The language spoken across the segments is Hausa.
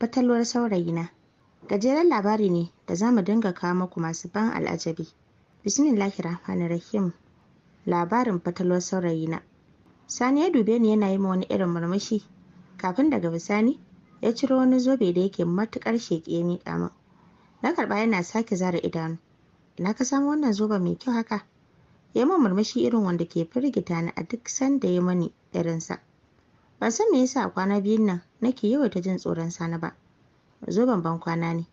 fatalwar saurayina gajeren labari ne da za mu dinga kawo muku masu ban al'ajabi bismillahir rahmanir rahim labarin fatalwar saurayina sani ya dube ni yana yi wani irin murmushi kafin daga bisani ya ciro wani zobe da yake matukar sheƙi ya miƙa na karɓa yana sake zara idanu ina ka samu wannan zoben mai kyau haka ya yi murmushi irin wanda ke firgita ni a duk sanda ya mani irinsa ban san me yasa kwana biyun nan nake yawaita jin tsoron sani ba zoben ban kwana ne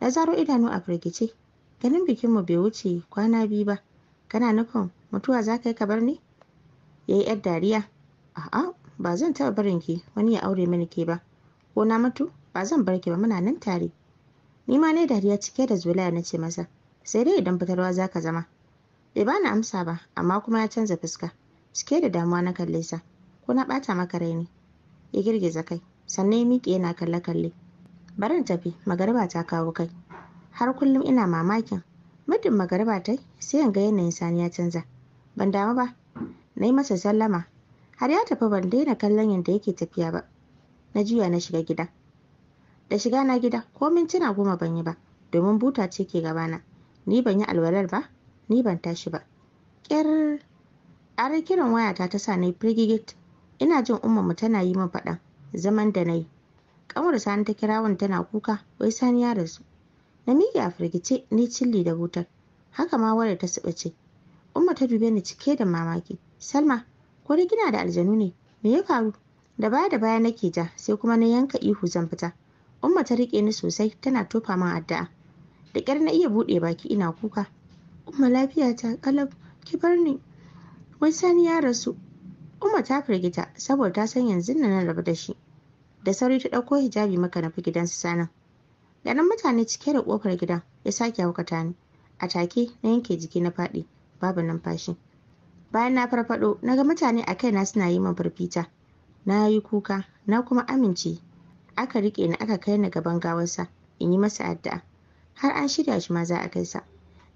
na zaro idanu a firgice ganin bikinmu bai wuce kwana biyu ba kana nufin mutuwa za ka yi kabar ne ya yi yar dariya a'a ba zan taɓa barin ki wani ya aure mini ke ba ko na mutu ba zan bar ki ba muna nan tare ni ma ne dariya cike da zulaya na ce masa sai dai idan fitarwa za ka zama bai bani amsa ba amma kuma ya canza fuska cike da damuwa na kalle sa ko na ɓata maka rai ne ya girgiza kai sannan ya miƙe yana kalle-kalle barin tafi magariba ta kawo kai har kullum ina mamakin muddin magariba ta sai in ga yanayin sani ya canza ban damu ba na yi masa sallama har ya tafi ban daina kallon yadda yake tafiya ba na juya na shiga gida da shiga na gida ko mintuna goma ban yi ba domin buta ce ke gabana ni ban yi alwalar ba ni ban tashi ba ƙyar An kiran wayata ta sa na yi ina jin umarmu tana yi min faɗan. zaman da na yi ƙanwar sani ta kira wani tana kuka wai sani ya rasu na miƙe a firgice ni cilli da wutar haka ma wadda ta saba ce umma ta dube ni cike da mamaki salma ko dai kina da aljanu ne me ya faru da baya da baya nake ja sai kuma na yanka ihu zan fita umma ta rike ni sosai tana tofa min addu'a da ƙyar na iya buɗe baki ina kuka umma lafiya ta kalab ki bar ni wai sani ya rasu umma ta firgita saboda ta san yanzu na rabu da shi da sauri ta ɗauko hijabi maka nufi gidan su sanan ganin mutane cike da ƙofar gidan ya sake haukata ni a take na yanke jiki na faɗi babu numfashi bayan na farfaɗo na ga mutane a kaina suna yi min firfita na yi kuka na kuma amince aka riƙe ni aka kai ni gaban gawarsa in yi masa addu'a har an shirya shi ma za a kai sa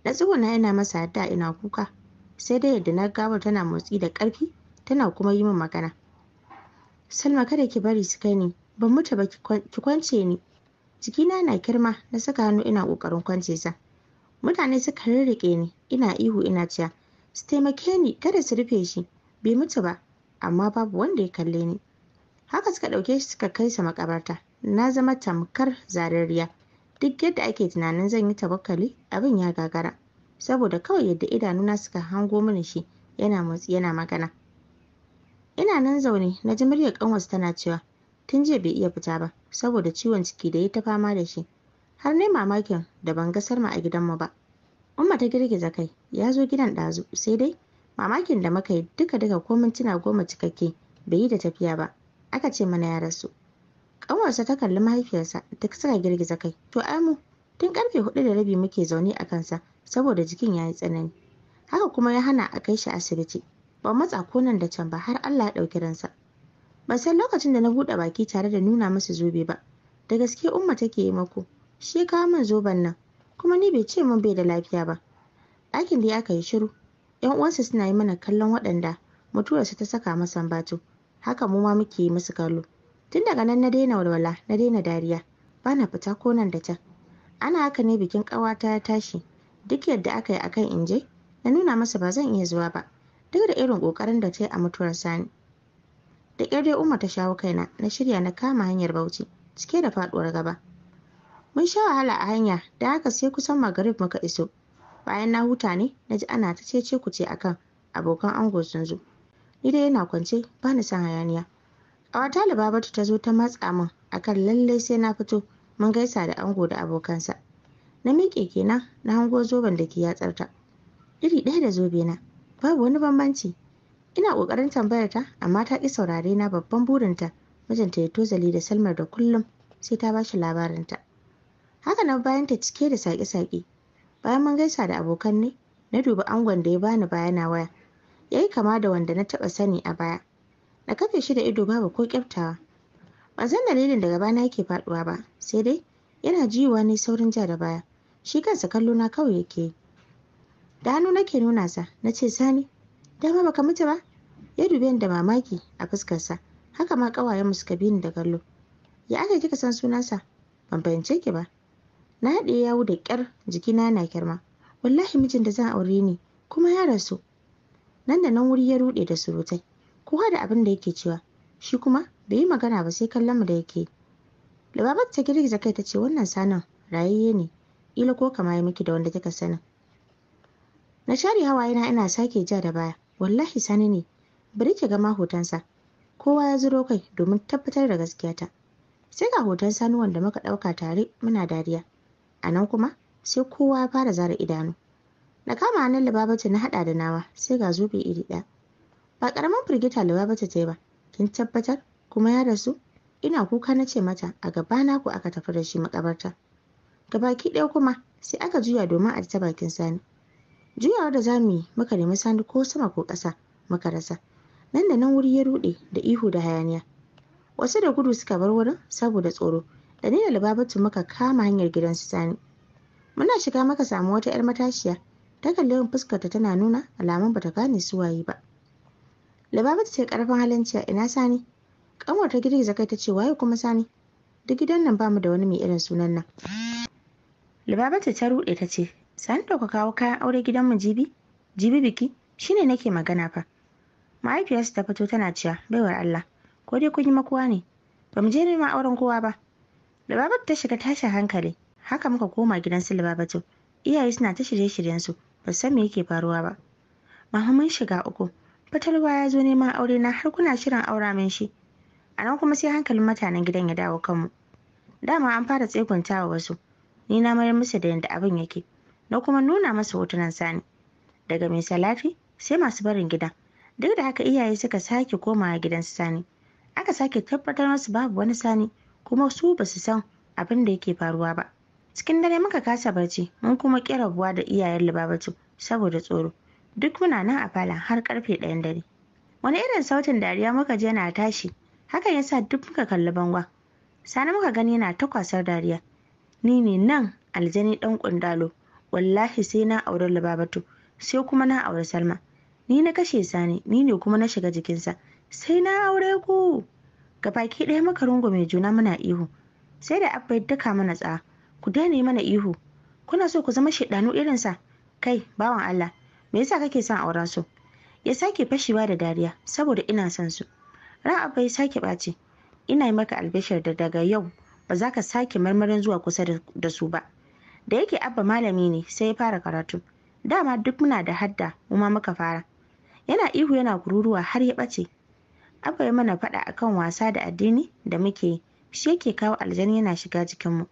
na yana masa addu'a ina kuka sai dai yadda na gawar tana motsi da ƙarfi tana kuma yi min magana Salma kada ki bari su kai ni ban mutu ba ki kwance ni jikina na kirma na saka hannu ina kokarin kwance sa mutane suka rirriƙe ni ina ihu ina ciya. su taimake ni kada su rufe shi bai mutu ba amma babu wanda ya kalle ni haka suka ɗauke shi suka kai sa makabarta na zama tamkar zarariya duk yadda ake tunanin zan yi tabakkali abin ya gagara saboda kawai yadda idanuna suka hango mini shi yana motsi yana magana ina nan zaune na ji muryar kanwasu tana cewa tun jiya bai iya fita ba saboda ciwon ciki da ya ta fama da shi har ne mamakin da ban ga Salma a gidanmu ba Umma ta girgiza kai ya zo gidan ɗazu sai dai mamakin da muka yi duka duka ko mintuna goma cikakke bai yi da tafiya ba aka ce mana ya rasu ƙanwarsa ta kalli mahaifiyarsa duk suka girgiza kai to ai mu. tun karfe hudu da rabi muke zaune a kansa saboda jikin ya yi tsanani haka kuma ya hana a kai shi asibiti Ban matsa ko nan da can ba har Allah ya ɗauki ransa ban san lokacin da na buɗe baki tare da nuna masa zobe ba da gaske umma take yi mako shi ya kawo min zoben nan kuma ni bai ce mun bai da lafiya ba ɗakin da ya aka yi shiru yan uwansa suna yi mana kallon waɗanda su ta saka masa bato haka mu ma muke yi musu kallo tun daga nan na daina walwala na daina dariya bana fita ko nan da ta. ana haka ne bikin ƙawata ya tashi duk yadda aka yi akan inje na nuna masa ba zan iya zuwa ba duk da irin ƙoƙarin da ta yi a mutuwar sani da ƙyar dai umma ta shawo kaina na shirya na kama hanyar bauchi cike da faduwar gaba mun sha wahala a hanya da haka sai kusan magarib muka iso bayan na huta ne na ji ana ta cece ku ce akan abokan ango sun zo ni dai yana kwance ba ni son hayaniya a wata libabatu ta zo ta matsa min akan lallai sai na fito mun gaisa da ango da abokansa na miƙe kenan na hango zoben da ke yatsarta iri ɗaya da zobe na babu wani bambanci ina ƙoƙarin tambayar ta amma ta ƙi saurare na babban burinta mijinta ya tozali da salmar da kullum sai ta bashi labarinta haka nan bayan ta cike da saƙe-saƙe bayan mun gaisa da abokan ne na duba angon da ya bani bayana waya ya yi kama da wanda na taɓa sani a baya na kafe shi da ido babu ko ƙyaftawa ban san dalilin da gabana yake faɗuwa ba sai dai yana jiwa ne saurin ja da baya shi kansa kallo na kawai yake yi da hannu nake nuna sa nace sani dama baka mutu ba ya dube ni da mamaki a fuskarsa haka ma mu suka bi ni da kallo ya aka kika san sunansa ban fahimce ki ba na haɗe yawo da kyar. jikina na kirma wallahi mijin da zan aure ni kuma ya rasu nan da nan wuri ya ruɗe da surutai kowa da abin da yake cewa shi kuma bai yi magana ba sai kallon mu da yake libabat ta girgiza kai ta ce wannan sanin rayayye ne ila ko kama ya miki da wanda kika sanin na share hawaye na ina sake ja da baya wallahi sani ne bari ki gama hotonsa kowa ya ziro kai domin tabbatar da gaskiya ta. sai ga hoton sanuwan da muka ɗauka tare muna dariya a nan kuma sai kowa ya fara zara idanu na kama hannun libabatu na haɗa da nawa sai ga zobe iri ɗaya ba ƙaramin firgita libabatu ta yi ba kin tabbatar kuma ya rasu ina kuka na ce mata a gaba na ku aka tafi da shi makabarta gabaki ɗaya kuma sai aka juya domin a ta bakin sani juyawa da za mu yi muka nemi sani ko sama ko ƙasa muka rasa nan da nan wuri ya ruɗe da ihu da hayaniya wasu da gudu suka bar wurin saboda tsoro da ni da libabatu muka kama hanyar gidan su sani muna shiga muka samu wata 'yar matashiya ta kalli yawan fuskarta tana nuna alamun bata gane su waye ba libabatu ce karfin halin cewa ina sani kanwar ta girgiza kai ta ce waye kuma sani duk gidan nan bamu da wani mai irin sunan nan libabatu ta ruɗe ta ce sani da kawo kayan aure gidanmu jibi jibi biki shine nake magana fa mahaifiyarsa ta fito tana cewa baiwar allah ko dai kun yi makuwa ne Bamu je neman auren kowa ba libabatu ta shiga tashin hankali haka muka koma gidan su libabatu iyaye suna ta shirye-shiryensu ba san me yake faruwa ba mahamman shiga uku fatalwa ya zo neman aure na har kuna shirin aura min shi a nan kuma sai hankalin mutanen gidan ya dawo kanmu dama an fara tsegunta wa wasu ni na mayar musu da yadda abin yake na kuma nuna masa hotunan sani daga mai salafi sai masu barin gida. duk da haka iyaye suka sake komawa gidan sani aka sake tabbatar masu babu wani sani kuma su basu san abin da yake faruwa ba cikin dare muka kasa barci mun kuma ƙi rabuwa da iyayen libabatu saboda tsoro duk muna nan a falon har karfe ɗayan dare wani irin sautin dariya muka je na tashi hakan yasa duk muka kalli bangon sani muka gani yana ta kwasar dariya ni ne nan aljani ɗan ƙundalo wallahi sai na aure Lubabatu sai kuma na aure Salma ni na kashe sani ni ne kuma na shiga jikinsa sai na aure ku baki ɗaya muka mai juna muna ihu sai da abba ya daka mana tsa ku daina mana ihu kuna so ku zama shaidanu irinsa kai bawan Allah me yasa kake son auren su ya sake fashewa da dariya saboda ina son su ran abba ya sake ɓaci ina yi maka albishir da daga yau ba za ka sake marmarin zuwa kusa da su ba da yake abba malami ne sai ya fara karatu dama duk muna da hadda kuma muka fara yana ihu yana gururuwa har ya ɓace abba ya mana faɗa akan wasa da addini da muke yi shi yake kawo aljani yana shiga mu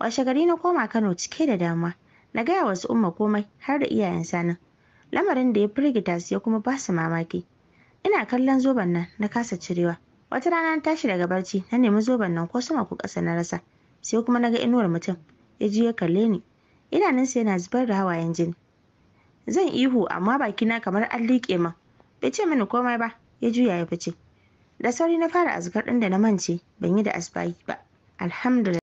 washe gari na koma kano cike da damuwa na gaya wasu umma komai har da iyayen sanin lamarin da ya firgita su ya kuma ba su mamaki ina kallon zoben nan na kasa cirewa wata rana na tashi daga barci na nemi zoben nan ko sama ku ƙasa na rasa sai kuma na ga inuwar mutum ya ji ya kalle ni idanunsa yana zubar da hawayen jini zan ihu amma bakina kamar an liƙe man bai ce mini komai ba ya juya ya fice da sauri na fara azkar ɗin da na mance ban yi da asbahi ba alhamdulillah